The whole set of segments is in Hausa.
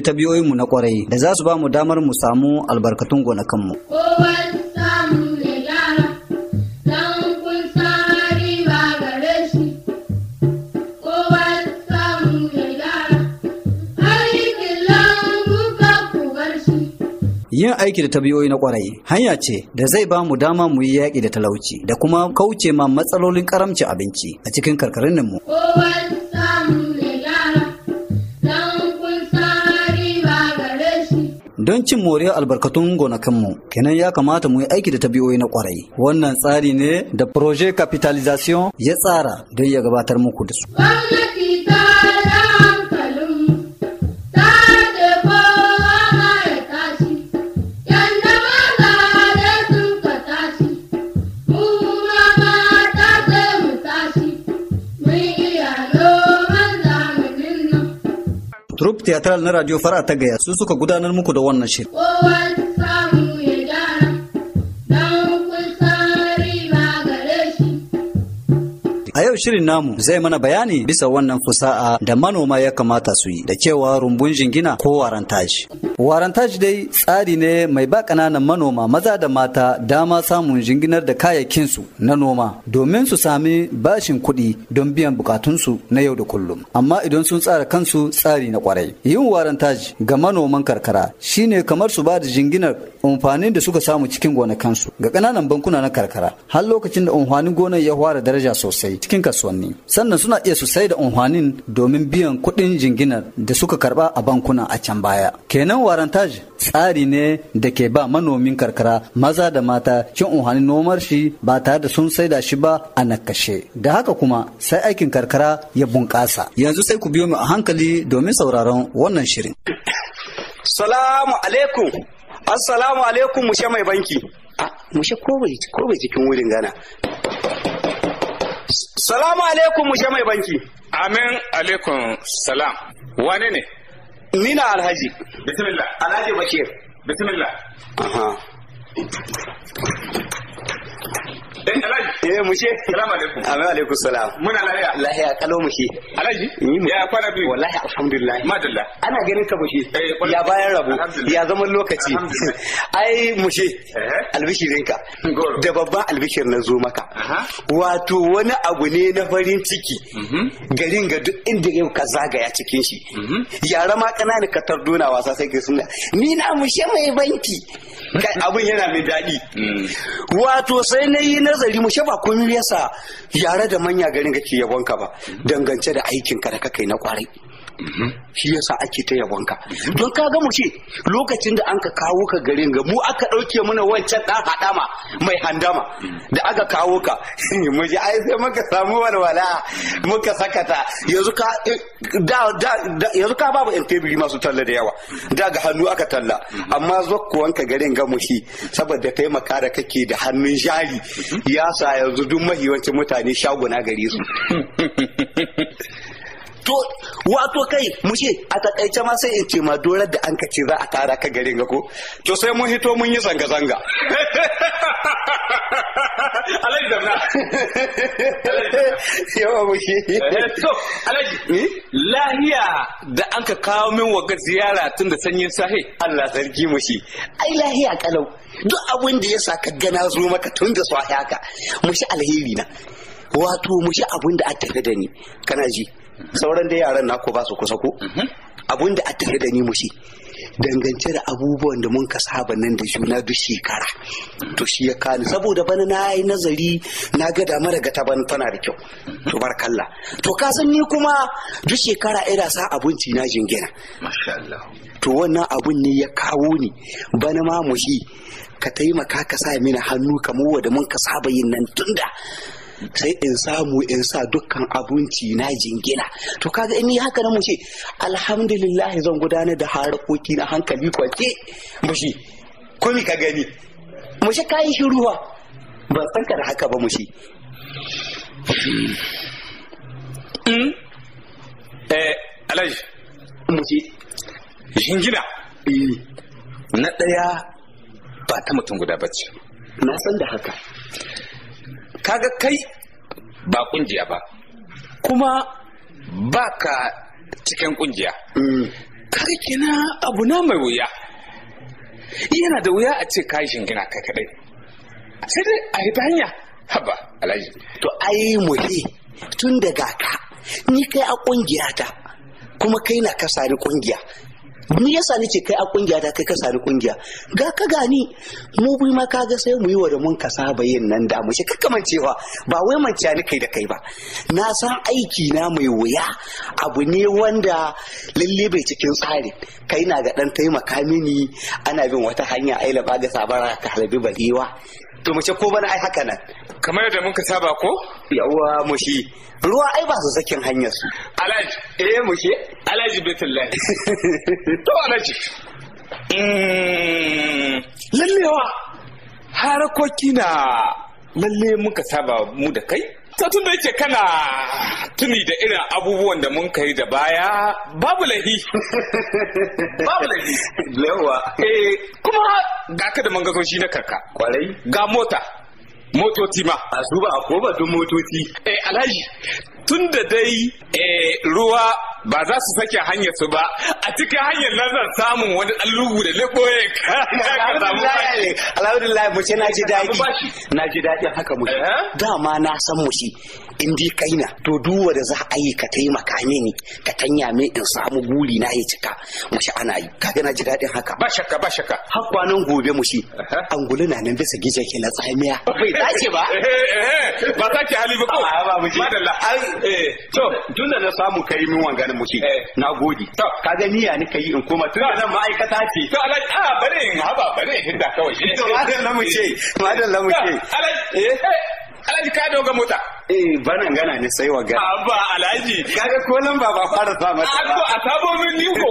da mu na kwarai da za su ba mu damar mu samu albarkatun gonakanmu. mu yin aiki da tabiyoyi na kwarai hanya ce da zai ba mu dama mu yi yaƙi da talauci da kuma kauce ma matsalolin karamci abinci a cikin karkarinmu. mu. don cin moriyar albarkatun gonakinmu kenan ya kamata mu yi aiki da tabi'o'i na kwarai wannan tsari ne da projet Capitalisation ya tsara don ya gabatar muku da su teatral na radio fara ta gaya su suka gudanar muku da wannan shirin. yau shirin namu zai mana bayani bisa wannan fusa'a da manoma ya kamata su yi da cewa rumbun jingina ko warantaji. Warantaji dai tsari ne mai ba ƙananan manoma maza da mata dama samun jinginar da kayayyakinsu na noma domin su sami bashin kuɗi don biyan bukatunsu na yau da kullum. Amma idan sun tsara kansu tsari na kwarai. Yin warantaji ga manoman karkara shine kamar su ba da jinginar amfanin da suka samu cikin gonakansu ga ƙananan bankuna na karkara har lokacin da amfanin gonar ya fara daraja sosai cikin kasuwanni sannan suna iya su sai da unhwanin domin biyan kuɗin jinginar da suka karɓa a bankuna a can baya kenan warantaj tsari ne da ke ba manomin karkara maza da mata cin unhwanin nomar shi ba tare da sun saida shi ba a nakashe da haka kuma sai aikin karkara ya bunƙasa yanzu sai ku biyo mu a hankali domin sauraron wannan shirin salamu alaikum assalamu alaikum mushe mai banki ah, mushe ko bai jikin wurin gana Salamu alaikum mushe mai banki. Amin alaikum salam. Wane ne? Nina alhaji. Bismillah. Alhaji Bashir. Bismillah. Aha. Ɗan eh, alhaji. Eh mushe. Salamu alaikum. Amin alaikum salam. Muna lahiya. Lahiya kalo mushe. Alhaji. Ya kwana biyu. Wallahi alhamdulillah. Madalla. Ana ganin ka mushe. Eh, ya bayan rabu. Ya zaman lokaci. Ai mushe. Eh? Albishirinka. Da babban albishir na zo maka. wato wani abu ne na farin ciki mhm. garin ga duk inda yau ka zagaya cikin shi mhm. yara ma ƙananan ka dona wasa sai ka suna ni na mushe mai banki abin yana mai daɗi mm. wato sai na yi nazari mushe ba komai yasa yara da manya garin ga ke yabonka ba mm. dangance da aikin ka da kakai na kwarai shi yasa ake ta yabonka don ka ga mu ce lokacin da an ka kawo ka garin ga mu aka ɗauke mana wancan ɗan haɗama mai handama da aka kawo ka mu ji ai sai muka samu walwala muka sakata yanzu ka da da yanzu ka babu entebiri masu talla da yawa da ga hannu aka talla amma ku wanka garin ga mu shi saboda taimaka da kake da hannun jari ya sa yanzu duk mahiwancin mutane shaguna gare su to wato kai mu ce a takaice ma sai in ce ma dorar da an kace ce za a tara ka gare ga ko to sai mun hito mun yi zanga zanga da na. yawa mu shi eh, to alhaji hmm? lahiya da an ka kawo min waga ziyara tun da sanyin sahi Allah sarki mu shi ai lahiya kalau duk abin da ya sa ka gana zo maka tun da sahi haka mu shi alheri na wato mu shi abin da a tafi da ni kana ji sauran da yaran naku ba su kusa ko mhm. abun da a da ni mu shi dangance da abubuwan da mun ka saba nan da juna duk shekara to shi ya kani saboda bana na yi nazari na ga da mara gata ban tana da kyau to barkalla to ka san ni kuma duk shekara ina sa abinci na jingina to wannan abun ne ya kawo ni bana ma mu shi ka taimaka ka sa mini hannu kamar wanda mun ka saba yin nan tunda sai in samu in sa dukkan abinci na jingina to kaga in yi haka na mu ce alhamdulillah zan gudanar da harakoki na hankali kwace. mushi komi ka gani mushi kayi shiruwa ban san da haka ba mushi hmm? eh alhaji mushi jingina eh. na ɗaya ba ta mutum guda bace na san da haka kaga kai ba kungiya ba kuma ba ka cikin kungiya mm. karki na abu na mai wuya yana da wuya a ce kashin shingina kai kadai sai dai a yi hanya haba alhaji to ai muhi tun daga ka ni kai a kungiya ta kuma kai na kasari kungiya ni yasa ni ce kai a kungiya ta kai ka sani kungiya ga ka gani mu bi ma ka ga sai mu yi wa da mun ka saba yin nan da mu shi cewa ba wai mance ni kai da kai ba na san aiki na mai wuya abu ne wanda lalle bai cikin tsari kai na ga dan taimaka mini ana bin wata hanya aila ba ga sabara ka halabi barewa to mace ko bana ai haka nan kamar da muka saba ko yawa mushi. ruwa ai ba su sakin hanyar su alhaji eh mushi alhaji bitullahi to alhaji hmm. lallewa harakoki na lalle muka saba mu da kai ta tun da yake kana tuni da irin abubuwan da mun kai da baya babu lahi babu lahi yawa eh kuma ga ka da mangazo shi na karka kwarai ga mota motoci ma a su ba ko ba don motoci eh alhaji tun da dai eh, ruwa ba za su sake hanyar su ba a cikin hanyar nazar samun wani dan lugu da lebo ya alhamdulillah mu ce na ji daɗi na ji daɗi haka mu eh? dama na san mu shi in dai kai na to duwa da za a yi ka taimaka mini ka tanya min in samu guri na ya cika mushi ana yi kaga na ji daɗin haka ba shakka ba shakka har kwanan gobe mushi. shi na nan bisa gije ke na tsamiya bai dace ba eh, eh, eh, ba ta ki hali ba ko ba mu ji madalla ai to tun da na samu kai min wangan mushi na gode to kaga niyya ni kai in koma tun da nan ma'aikata ce to a bare in haba bare in hinda kawai to madalla mushi ce madalla mu ce alai alai ka doga mota eh banan gana ne sai wa gana ba alhaji kaga ko lamba ba fara sa mata ko a sabo min ni ko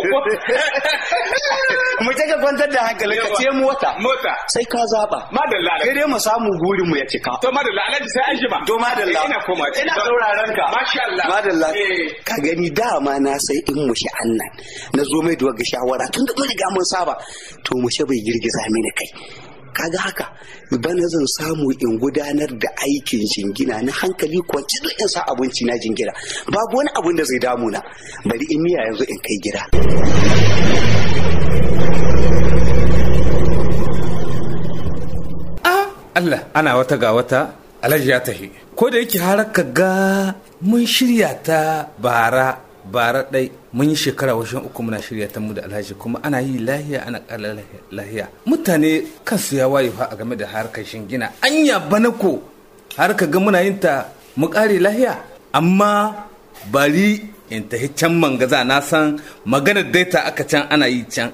mu take kwantar da hankali ka ce mota mota sai ka zaba madalla kai dai mu samu gurin mu ya cika to madalla alhaji sai an jima to madalla ina koma ina sauraron ka masha Allah madalla eh. ka gani dama na sai in mu shi annan na zo mai ga shawara tun da mun riga mun saba to mu shi bai girgiza mini kai kaga haka bana zan samu in gudanar da aikin jingina na hankali ko cikin in sa abinci na jingina, babu wani abin da zai damu na bari in miya yanzu in kai gida ah, Allah ana wata ga wata alhaji ya tahi ko da yake har ka ga mun shirya ta bara bara dai mun yi shekara wajen uku muna shirya ta mu da alhaji kuma ana yi lahiya ana kala lahiya mutane kansu ya waye fa a game da harkar shingina anya bana ko har ka ga muna yin ta mu kare lahiya amma bari in tahi can za na san maganar daita aka can ana yi can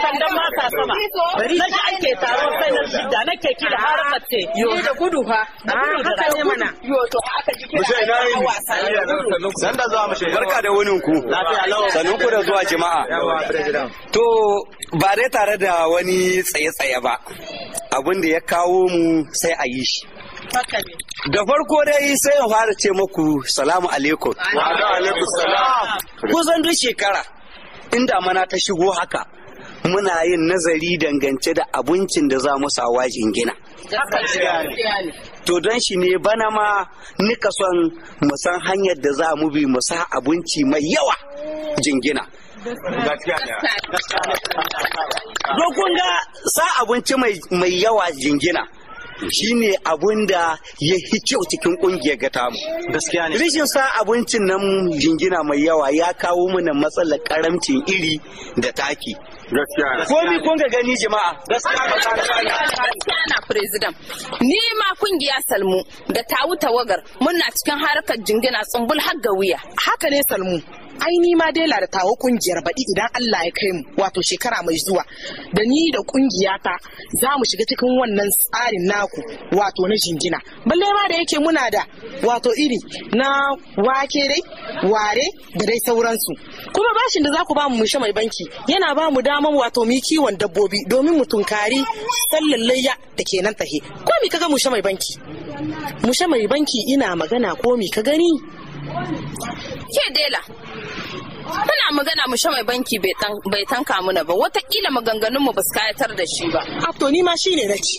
sandan masa sama na shi ake taro sai na shidda na ke kira har mace yo da gudu fa da ah, gudu da rayu mana yo to aka ji kira ina yin sanda zuwa mace barka da wunin ku sanun ku da zuwa jama'a to ba dai tare da wani tsaye-tsaye ba abin da ya kawo mu sai a yi shi Da farko dai sai in fara ce muku salamu alaikum. Wa alaikum salam. Kusan duk shekara inda mana ta shigo haka muna yin nazari dangance da abincin da za mu sawa jingina to don shi ne bana ma nika son mu san hanyar da za mu bi mu sa abinci mai yawa jingina dokun ga sa abinci mai yawa jingina shine abun da ya fi kyau cikin kungiyar ga tamu. Gaskiya ne. Rishin sa abincin nan jingina mai yawa ya kawo mana matsalar karamcin iri da taki. gaskiya komi kun ga gani jama'a gaskiya president ni ma kungiya salmu da tawu tawagar muna cikin harkar jingina tsumbul har ga wuya haka ne salmu ai ni ma dela da tawo kungiyar baɗi idan Allah ya kai mu wato shekara mai zuwa da ni da kungiyata za mu shiga cikin wannan tsarin naku wato na jingina balle ma da yake muna da wato iri na wake dai ware da dai sauransu kuma bashin da za ku ba mu mushe mai banki yana ba mu damar wato mu kiwon dabbobi domin mu tunkari sallallayya da ke nan tahe ko mi kaga mushe mai banki mushe mai banki ina magana ko mi ka gani ke dela muna magana mu mai banki bai tanka na ba watakila maganganun mu ba su kayatar da shi ba a ni ma shi ne na ci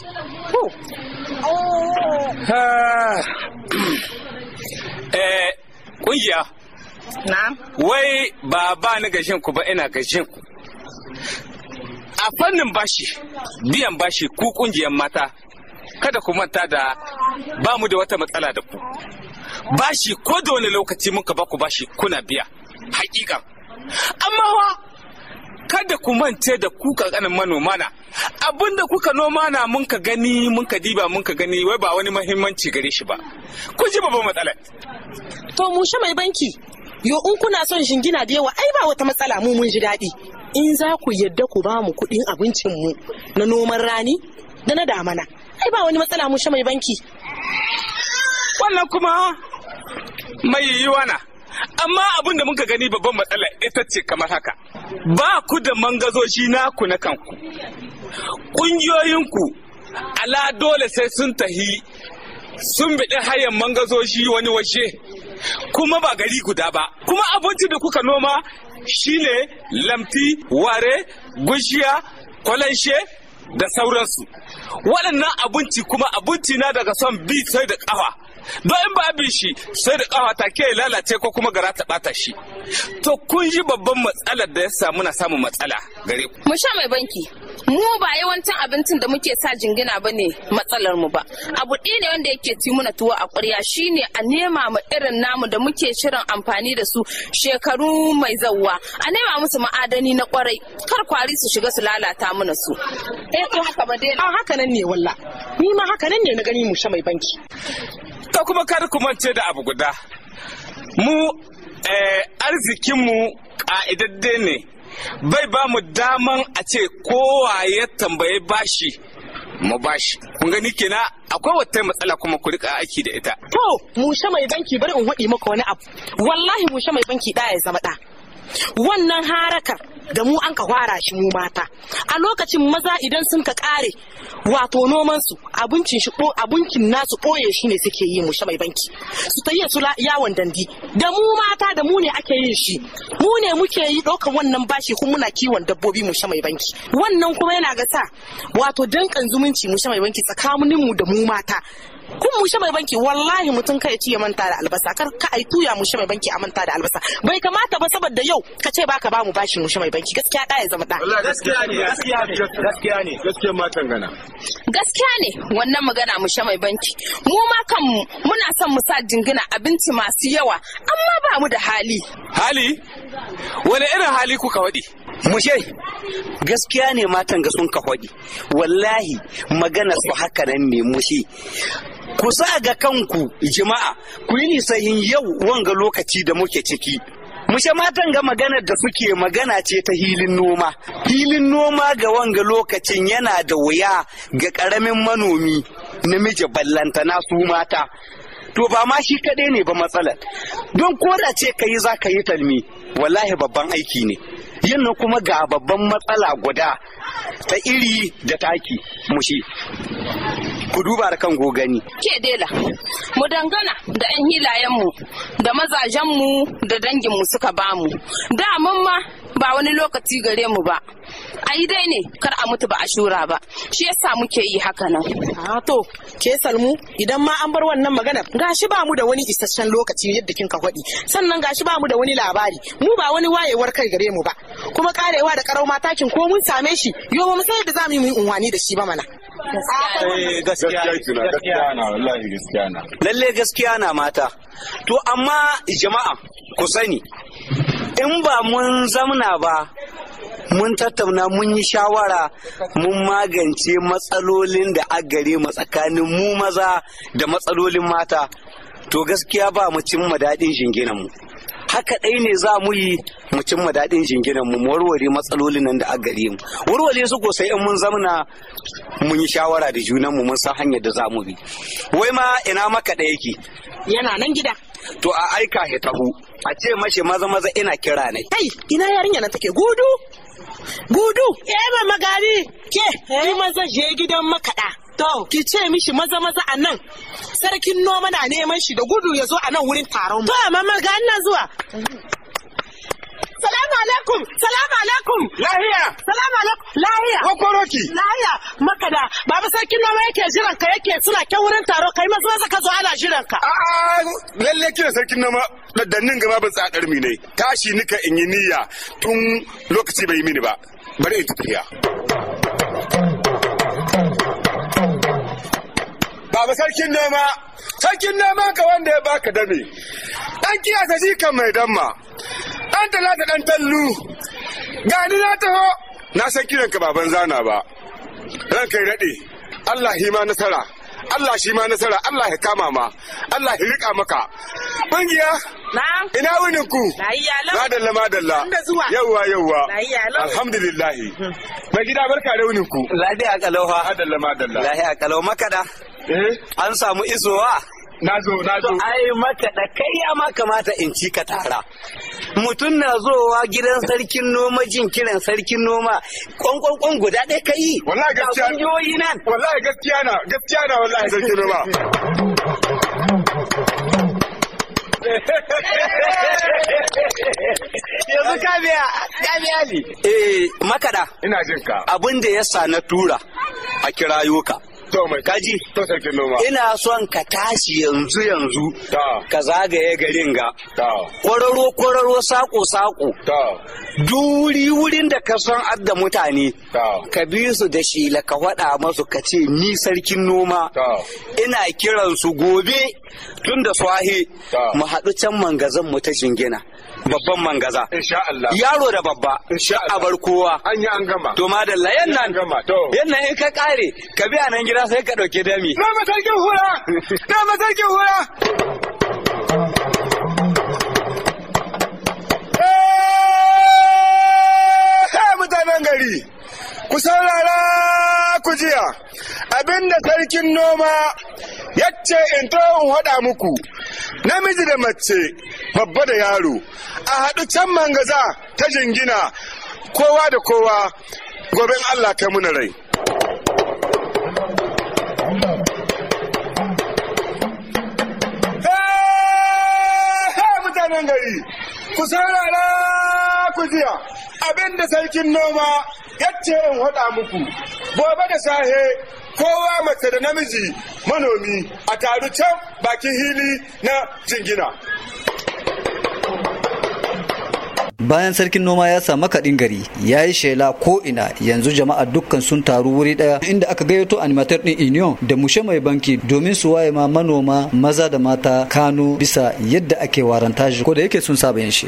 ah. eh kungiya Na? wai ba ba ni gashin ku ba ina gashin ku a fannin bashi biyan bashi ku kungiyar mata kada ku manta da ba mu da wata matsala da ku bashi ko da wani lokaci muka ba ku bashi kuna biya hakika amma wa kada ku mance da ku kankanin manoma na abinda kuka noma na mun ka gani mun ka diba mun ka gani wai ba wani mahimmanci gare shi ba ku ji babban matsala to mu sha mai banki yo in kuna son shingina da yawa ai ba wata matsala mu mun ji daɗi in za ku yadda ku ba mu kuɗin abincin mu na noman rani da na damana ai ba wani matsala mu sha mai banki wannan kuma mai yiwuwa na amma abin da muka gani babban matsala ita ce kamar haka ba ku da mangazoshi naku na kanku ƙungiyoyinku ala dole sai sun tahi sun biɗi hayan mangazoshi wani waje kuma ba gari guda ba kuma abinci da kuka noma shine lamti ware gushiya kwalanshe da sauransu waɗannan abinci kuma abinci na daga son bi sai da ƙafa don in ba bin shi sai da kafa ta ke lalace ko kuma gara ta bata shi to kun ji babban matsalar da ya samu na samun matsala gare ku mu sha mai banki mu ba yawancin abincin da muke sa jingina ba ne matsalar mu ba abu ɗaya ne wanda yake ci muna tuwo a ƙwarya shine a nema mu irin namu da muke shirin amfani da su shekaru mai zawa. a nema musu ma'adani na ƙwarai kar kwari su shiga su lalata mana su eh to haka ba dai ah, haka nan ne walla ni ma haka nan ne na gani mu sha mai banki Ka kuma kar ku mance da abu guda mu eh, arzikinmu ƙa'idadde ne bai ba mu daman a ce kowa ya tambaye bashi mu bashi kun gani kenan akwai wata matsala kuma ku rika aiki da ita to mushe mai banki bari in waɗi maka wani abu wallahi mushe mai banki ɗaya ya zama ɗa wannan harakar da mu an ka hwara shi mu mata a lokacin maza idan sun ka kare wato noman su abincin shi ko abincin nasu boye shi ne suke yi mushe mai banki su ta yi su yawon dandi da mu mata da mu ne ake yin shi mu ne muke yi ɗaukar wannan bashi kuma muna kiwon dabbobi mushe mai banki wannan kuma yana ga sa wato dankan zumunci mushe mai banki tsakaninmu da mu mata kun mushe mai banki wallahi mutum kai ci ya manta da albasa kar ka ai tuya mushe mai banki a manta da albasa bai kamata ba saboda yau ka ce baka ba mu bashi mushe mai banki gaskiya da ya zama da gaskiya ne gaskiya ne gaskiya ne gaskiya ma tangana gaskiya ne wannan magana mushe mai banki mu ma kan muna son mu sa jingina abinci masu yawa amma ba mu da hali hali wani irin hali kuka wadi mushe gaskiya ne matan ga sun ka hodi wallahi magana su haka nan ne mushe ku sa ga kanku jima'a ku yi nisayin yau wanga lokaci da muke ciki mushe matan ga maganar da suke magana ce ta hilin noma hilin noma ga wanga lokacin yana da wuya ga ƙaramin manomi namiji na su mata to ba ma shi kaɗai ne ba matsalar don ko da ce ka yi za ka yi talmi wallahi babban aiki ne yin nan kuma ga babban matsala guda ta iri da taki mushi ku duba da kan gogani. Ke dela, mu dangana da 'yan hilayenmu da mazajenmu da danginmu suka bamu. Da mun ma ba wani lokaci gare mu ba. a dai ne kar a mutu ba a shura ba shi yasa muke yi haka nan a ah, to ke salmu idan ma an bar wannan magana gashi ba mu da wani isasshen lokaci yadda kin ka faɗi sannan gashi ba mu da wani labari mu ba wani wayewar kai gare mu ba kuma karewa da karau matakin ko mun same shi yo ba mu san yadda za mu yi unwani da shi ba mana lalle gaskiya na mata to amma jama'a ku sani in ba mun zamna ba mun tattauna mun yi shawara mun magance matsalolin da a gare mu tsakanin mu maza da matsalolin mata to gaskiya ba mu cimma daɗin jinginan mu haka ɗai ne za mu yi mu cimma daɗin jinginan mu warware matsalolin nan da a gare mu warware su ko sai in mun zamana mun yi shawara da junan mu mun san hanyar da za mu bi wai ma ina maka ɗaya yake yana nan gida to a aika ya taho a ce mashi maza maza ina kira ne kai ina yarinya na take gudu Gudu, ema magari, ke, eh? ni maza je gidan makaɗa. To, ki ce mishi maza maza a nan, sarkin noma na neman shi da gudu ya zo a nan wurin taron. To, amma magana zuwa. salamu alaikum salamu alaikum lahiya salamu alaikum lahiya kokoroki lahiya makada baba sarkin nawa yake jiran ka yake suna kyan wurin taro kai masu maza ka zo ana jiran ka a'a ah, lalle kina sarkin nawa daddannin gaba ba tsadar mi ne tashi nika in yi niyya tun lokaci bai yi mini ba bari in tafiya Baba sarkin noma, sarkin noma ka wanda ya baka dame. ɗan ta shi kan mai damma ɗan talata ɗan tallu gani na taho na san kiran ka baban zana ba ran kai daɗe Allah shi ma nasara Allah shi ma nasara Allah ya kama ma Allah ya rika maka ƙungiya ina wunin ku madalla madalla yawwa yawwa alhamdulillah hmm. mai gida barka da wunin ku lafiya kalau ha madalla madalla lafiya kalau makada eh? an samu isowa na zo na zo ai maka da kai ya ma kamata in ci ka tara mutum na zowa gidan sarkin noma jin kiran sarkin noma kwankwan kwan guda ɗaya ka yi wallahi gaskiya kungiyoyi nan wallahi gaskiya na gaskiya na wallahi sarkin noma yanzu ka biya ka biya ne eh makada ina jin ka abin da sa na tura a kirayo ka To mai kaji? To sarki noma. Ina son ka tashi yanzu yanzu. Ka zagaye garin ga. Kwararo kwararo sako sako. Duri wurin da ka san adda mutane. Ka bi su da shila ka faɗa masu ka ce ni sarkin noma. Ina kiran su gobe tun da swahi mu haɗu can mangazan mu ta shingina. babban mangaza yaro da babba a bar kowa an yi an gama to madalla yannan yannan in ka kare ka bi a nan gida sai ka ɗauki dami na matakin hura na matakin hura eh, eh, mutanen gari ku saurara ku jiya abinda sarkin noma ya ce in to in haɗa muku namiji da mace babba da yaro a haɗu can mangaza ta jingina kowa da kowa gobe Allah kai muna rai mutanen gari ku saurara ku jiya abinda sarkin noma yace in haɗa muku gobe da sahe kowa mace da namiji manomi a taru can bakin hili na jingina bayan sarkin noma ya samu kaɗin gari ya yi shela ko'ina yanzu jama'a dukkan sun taru wuri ɗaya inda aka gayyato animatar ɗin union da mushe mai banki domin su waye ma manoma maza da mata kano bisa yadda ake warantaji ko da yake sun saba yin shi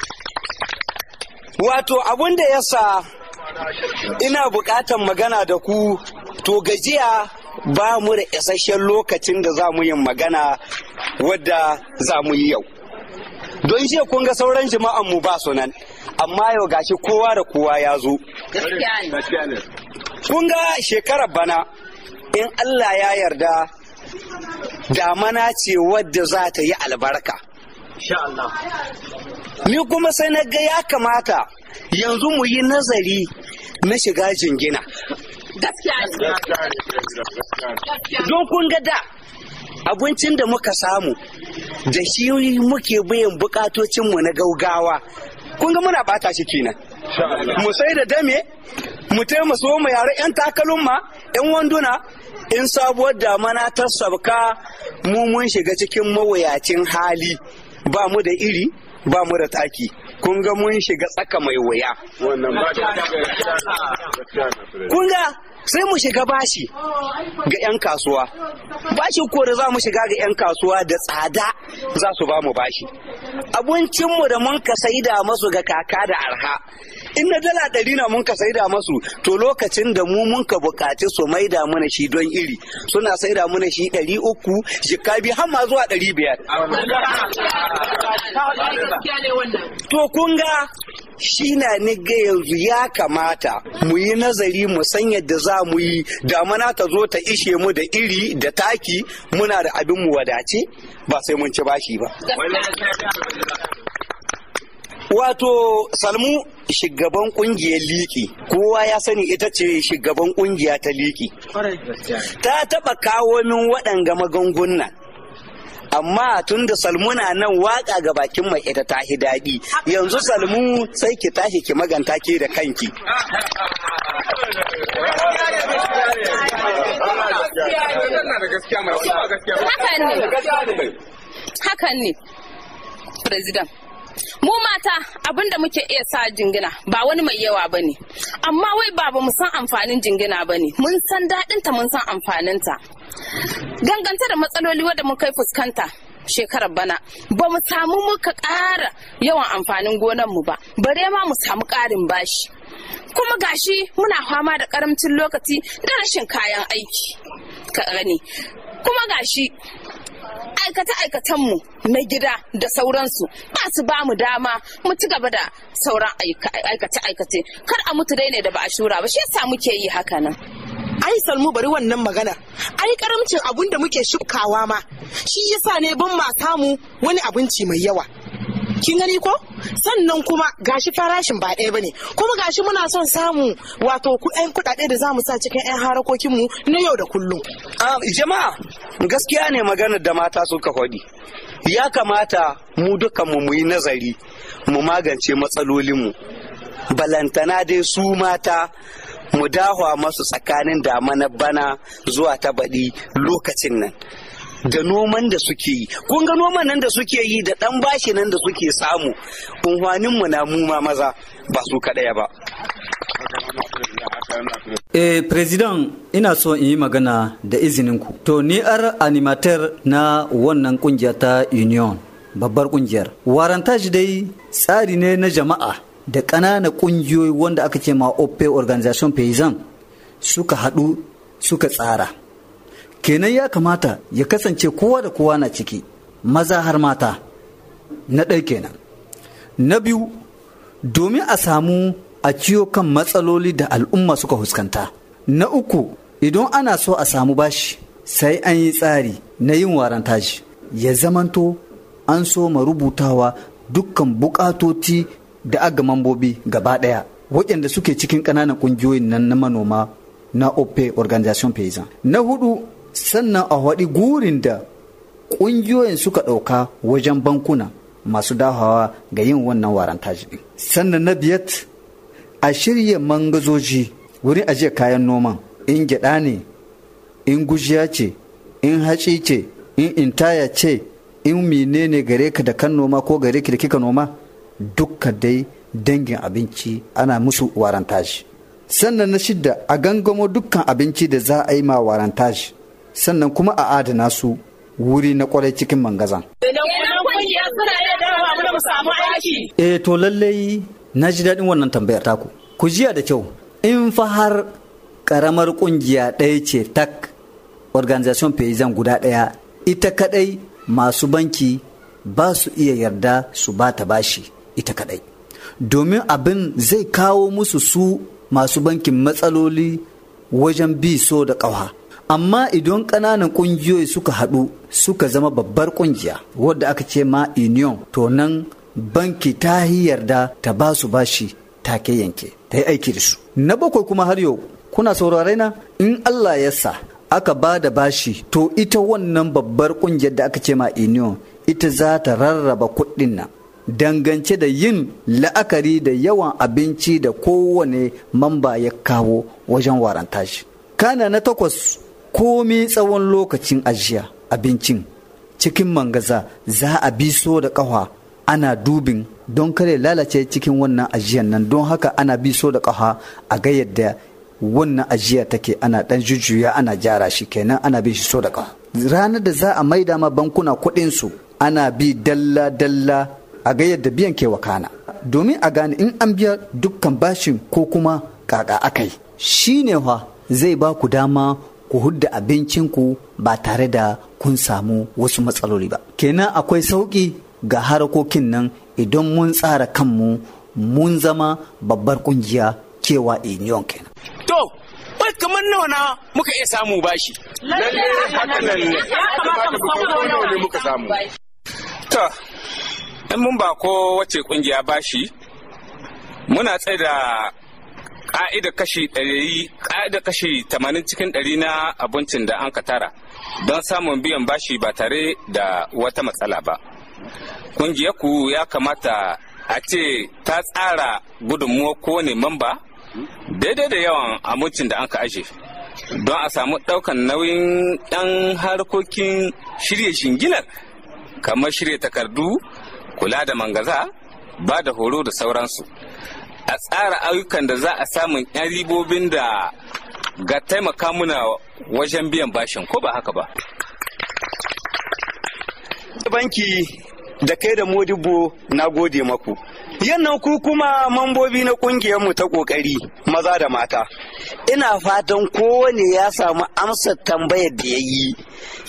Wato abun da yasa ina bukatan magana da ku to gajiya ba mu da isasshen lokacin da za mu yin magana wadda za mu yi yau. Don jiya kun ga sauran jima'an mu ba su nan, amma yau gashi kowa da kowa ya zo. Kun ga shekarar bana in Allah ya yarda da damana ce wadda za ta yi albarka. Ni kuma sai na ga ya kamata yanzu mu yi nazari na shiga jingina. Don kun ga da abincin da muka samu da shi muke bayan bukatocinmu na gaugawa. Kun ga muna bata shi kenan. Mu sai da dame, mu taimaka mu yare 'yan takalma, 'yan wanduna, in sabuwar damana ta sabka mu mun shiga cikin mawuyacin hali. ba mu da iri ba mu da taki kun ga mun shiga tsaka mai wuya kun ga sai mu shiga bashi ga 'yan kasuwa bashi ko da za mu shiga ga 'yan kasuwa da tsada za su ba mu bashi abincinmu da mun ka saida masu ga kaka da arha in na dala ɗari na mun ka saida masu to lokacin da mu mun ka buƙaci su maida mana shi don iri suna saida mana shi ɗari uku jika biyu har ma zuwa ɗari biyar. To kun ga shi na niga yanzu ya kamata mu yi nazari mu san yadda za mu yi damana ta zo ta ishe mu da iri da taki muna da abin mu wadace ba sai mun ci bashi ba. Wato Salmu shugaban kungiyar liki kowa ya sani ita ce shugaban kungiya ta liki ta taba kawo min waɗanga magungunan amma tun da salmuna nan waƙa ga bakin mai ita ta daɗi yanzu salmu sai ki tashi ki maganta ke da kanki hakan ne hakan ne president mu mata abin da muke iya sa jingina ba wani mai yawa ba ne amma wai ba mu san amfanin jingina ba ne mun san daɗinta mun san amfaninta ganganta da matsaloli wadda mun kai fuskanta shekarar bana ba mu samu muka ƙara yawan amfanin gonarmu ba bare ma mu samu ƙarin bashi kuma gashi muna fama da ƙaramcin lokaci da rashin kayan aiki ka gani kuma gashi aikace mu na gida da sauransu ba su ba mu dama mu ci gaba da sauran aikace-aikace kar a mutu dai da ba a shura ba shi yasa muke yi haka nan ai salmu bari wannan magana ai karamcin abun da muke shukawa ma shi yasa ne ban ma samu wani abinci mai yawa kin gani ko sannan kuma gashi farashin ba ɗaya bane kuma gashi muna son samu wato yan kuɗaɗe da zamu sa cikin yan harakokin mu na yau da kullum ah, jama'a gaskiya ne maganar da mata suka faɗi ya kamata mu dukan mu muyi yi nazari mu magance matsalolin mu balantana dai su mata mu dahwa masu tsakanin da mana bana zuwa ta baɗi lokacin nan da noman da suke yi kun ga noman nan da suke yi da ɗan bashi nan da suke samu kunhwanin mu na mu ma maza ba su kadaya ba Eh, President, ina so in yi magana da izininku. To, ni ar animatar na wannan kungiya ta Union, babbar kungiyar. Warantaji dai tsari ne na jama'a da ƙananan ƙungiyoyi wanda aka ce ma OPE Organization Paysan suka haɗu suka tsara. kenan ya kamata ya kasance kowa da kowa na ciki maza har mata na ɗai kenan na biyu domin a samu a ciyo kan matsaloli da al'umma suka huskanta na uku idan ana so a samu bashi sai an yi tsari na yin warantaji ya zamanto an so ma rubutawa dukkan bukatoti da aga mambobi gaba ɗaya waɗanda suke cikin ƙananan ƙungiyoyin nan na manoma na ope organization paysan na hudu sannan a haɗi gurin da ƙungiyoyin suka ɗauka wajen bankuna masu dahawa ga yin wannan warantaji sannan na biyat a shirya mangazoji wurin ajiye kayan noman in gyaɗa ne in gujiya ce in haci ce in intaya ce in mine ne gare ka da kan noma ko gare ki da kika noma dukka dai dangin abinci ana musu warantaji sannan na shidda a gangamo dukkan abinci da za a yi ma warantaji sannan kuma a adana su wuri na kwarai cikin mangazan. E to lallai na ji daɗin wannan tambayar taku. Ku jiya da kyau in fa har ƙaramar ƙungiya ɗaya ce tak organization paysan guda ɗaya ita kaɗai masu banki ba su iya yarda su ba ta bashi ita kaɗai. Domin abin zai kawo musu su masu bankin matsaloli wajen bi so da ƙauha. amma idan ƙananan ƙungiyoyi suka haɗu suka zama babbar ƙungiya wadda aka ce ma union to nan banki ta yarda ta ba su bashi ta ke yanke ta yi aiki da su na bakwai kuma har yau kuna saurare na in allah ya sa aka ba da bashi to ita wannan babbar ƙungiyar da aka ce ma union ita za ta rarraba kuɗin nan dangance da yin la'akari da yawan abinci da kowane mamba ya kawo wajen waranta shi kana na takwas komi tsawon lokacin ajiya abincin cikin mangaza za a bi so da ƙafa ana dubin don kare lalace cikin wannan ajiyan nan don haka ana bi so da ƙafa a ga yadda wannan ajiya take ana ɗan jujjuya ana jara shi kenan ana bi shi so da ƙafa ranar da za a maida ma bankuna su ana bi dalla-dalla a ga yadda biyan ke wakana domin a gane in an biya dukkan bashin ko kuma kaka akai shi ne fa zai ba ku dama ku hudda abincinku ba tare da kun samu wasu matsaloli ba kenan akwai sauƙi ga harakokin nan idan mun tsara kanmu mun zama babbar kungiya cewa union kenan to bai kamar nawa na muka iya samu bashi lalle haka nan ne ya kamata ne muka samu ta in mun ba ko wace ƙungiya bashi muna tsaye da ka'ida kashi ɗari ka'ida kashi tamanin cikin ɗari na abincin da an ka tara don samun biyan bashi ba tare da wata matsala ba kungiyar ku ya kamata a ce ta tsara gudunmuwa kowane mamba daidai da yawan amincin da an ka aje don a samu ɗaukan nauyin ɗan harkokin shirya shingilar kamar shirya takardu kula da mangaza ba da horo da sauransu a tsara ayyukan da za a samun yan ribobin da ga taimaka muna wajen biyan bashin ko ba haka ba banki da kai da modibo na gode maku yannan ku kuma mambobi na mu ta kokari maza da mata ina fatan kowane ya samu amsar tambayar da ya yi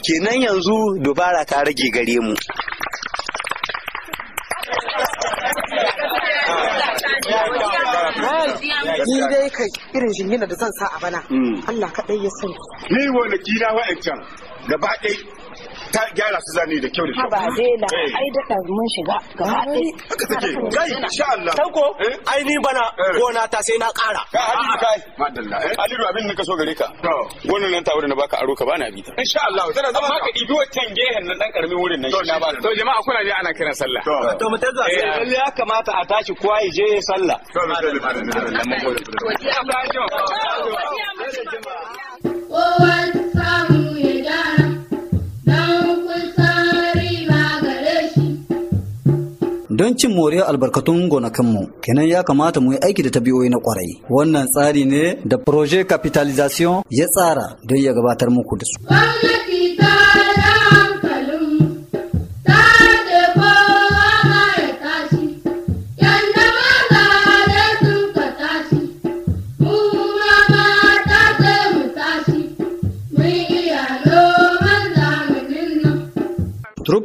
kenan yanzu dubara ta rage gare mu ni dai kai irin jingina da zan sa a bana mm. Allah kaɗai ya sani ni wani kina wa'ancan gaba ɗaya ta gyara su zane da kyau da kyau. Ba ai daɗa mun shiga gaba ɗaya. Haka take kai insha Allah. Tanko ai ni bana gona ta sai ƙara. kai. Madalla. abin ka so gare ka. Wannan nan tawuri na baka aro ka bana bi ta. Insha Allah. Tana zama ka ɗibi wancan gehen nan ɗan ƙaramin wurin Na To jama'a kuna ne ana kiran sallah. To mu Lalle ya kamata a tashi kowa ya je sallah. To don cin moriyar albarkatun gonakinmu kenan ya kamata mu yi aiki da tabiyoyi na kwarai wannan tsari ne da projet capitalisation ya tsara don ya gabatar muku da su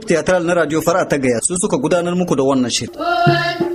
teatral na radio fara ta gaya su suka gudanar muku da wannan shirin.